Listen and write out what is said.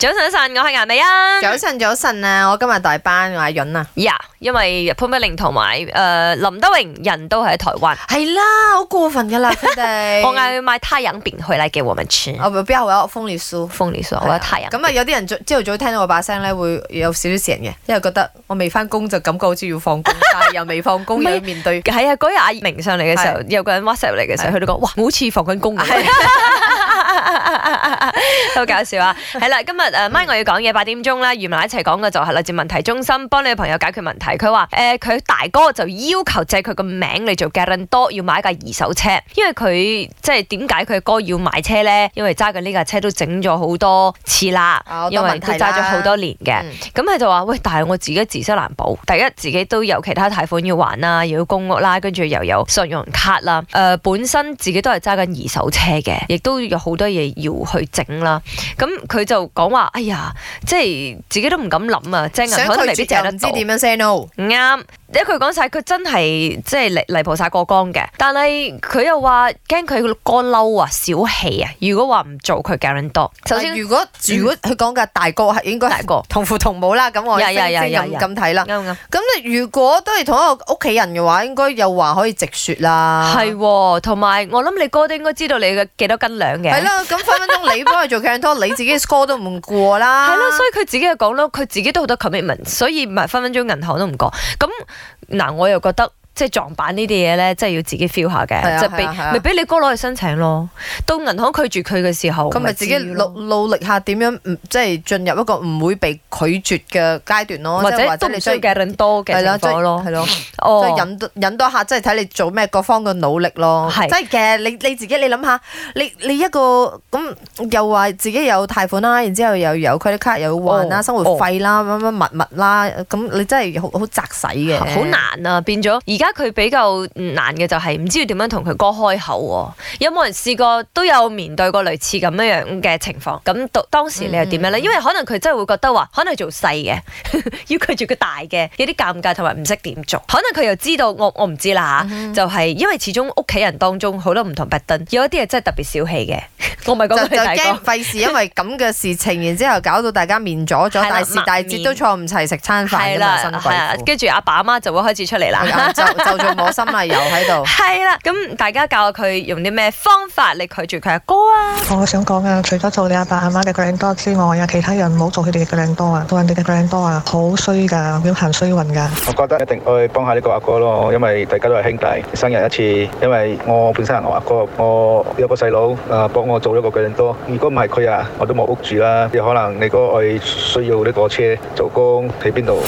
早晨，早晨，我係楊美啊。早晨，早晨啊，我今日代班阿潤啊。呀，因為潘柏靈同埋誒林德榮人都喺台灣。係啦，好過分噶啦，佢哋，我嗌佢買太陽餅去來給我們吃。哦，唔係，邊有我鳳梨酥？鳳梨酥，我太陽。咁啊，有啲人朝頭早聽到我把聲咧，會有少少成嘅，因為覺得我未翻工就感覺好似要放工，但係又未放工又要面對。係啊，嗰日阿明上嚟嘅時候，有個人 WhatsApp 嚟嘅時候，佢都講哇，好似放緊工 好搞笑啊！係 啦，今日誒 MY 要講嘢八點鐘啦。與埋一齊講嘅就係來自問題中心，幫你嘅朋友解決問題。佢話誒，佢、呃、大哥就要求借佢個名嚟做 guarantor 要買一架二手車。因為佢即係點解佢嘅哥要買車咧？因為揸緊呢架車都整咗好多次、啊、啦，因為佢揸咗好多年嘅。咁佢、嗯、就話：喂，但係我自己自身難保。第一，自己都有其他貸款要還啦，又要公屋啦，跟住又有信用卡啦。誒、呃，本身自己都係揸緊二手車嘅，亦都有好多，嘢要去整啦，咁佢就講話哎呀，即係自己都唔敢諗啊，驚可能嚟唔到。想佢知人知點樣 say no，啱。因佢講晒，佢真係即係泥泥菩薩過江嘅，但係佢又話驚佢哥嬲啊，小氣啊。如果話唔做，佢搞唔到。首先，如果如果佢講嘅大哥係應該、嗯、大哥同父同母啦，咁我先正咁睇啦。啱啱。咁你如果都係同一個屋企人嘅話，應該有話可以直說啦。係，同埋我諗你哥都應該知道你嘅幾多斤兩嘅。咁、 啊、分分鐘你幫佢做 guarantor 你自己 score 都唔過啦。係咯， 所以佢自己又講咯，佢自己都好多 commitment，所以唔係分分鐘銀行都唔過。咁嗱，我又覺得。即係撞板呢啲嘢咧，即係要自己 feel 下嘅，即係俾俾你哥攞去申請咯。到銀行拒絕佢嘅時候，咁咪自己努努力下點樣即係進入一個唔會被拒絕嘅階段咯。或者或者你需要嘅人多嘅情況咯，係咯，即係忍多多下，即係睇你做咩各方嘅努力咯。即真嘅，你你自己你諗下，你你一個咁又話自己有貸款啦，然之後又有卡卡又要還啦，生活費啦，乜乜物物啦，咁你真係好好窄使嘅，好難啊，變咗而家佢比較難嘅就係唔知要點樣同佢哥，哥開口喎、啊，有冇人試過都有面對過類似咁樣樣嘅情況？咁當當時你又點樣呢？Mm hmm. 因為可能佢真係會覺得話，可能做細嘅 要拒絕佢大嘅，有啲尷尬同埋唔識點做。可能佢又知道，我我唔知啦嚇、mm hmm. 啊，就係、是、因為始終屋企人當中好多唔同擺墩，有一啲嘢真係特別小氣嘅。我咪講咗就就驚費事，因為咁嘅事情，然之後搞到大家面阻阻，大時大節都坐唔齊食餐飯，跟住阿爸阿媽就會開始出嚟啦， 就就著我心啊，又喺度。係啦，咁大家教佢用啲咩方法，嚟拒絕佢阿哥啊？我想講啊，除咗做你阿爸阿媽嘅 guarantor 之外啊，其他人唔好做佢哋嘅 guarantor 做人哋嘅 guarantor 啊，好衰噶，要行衰運噶。我覺得一定去幫下呢個阿哥咯，因為大家都係兄弟，生日一次，因為我本身係我阿哥,哥，我有個細佬，誒，幫我做。多一個佢咁多，如果唔係佢啊，我都冇屋住啦。有可能你哥哥需要呢個車做工喺邊度？